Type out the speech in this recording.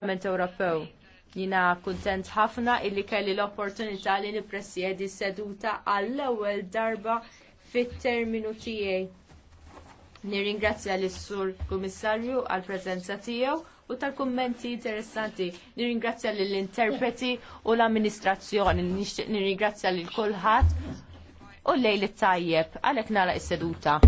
parlament Ewropew. Jina kuntent ħafna illi kelli l-opportunità li nipresjedi seduta għall-ewwel darba fit-terminu tiegħi. Nirringrazzja lis sur Kummissarju għall preżenza tiegħu u tal-kummenti interessanti. Nirringrazzja lill interpreti u l-amministrazzjoni. Nirringrazzja lil kulħadd u lejl it-tajjeb għalhekk nara is-seduta.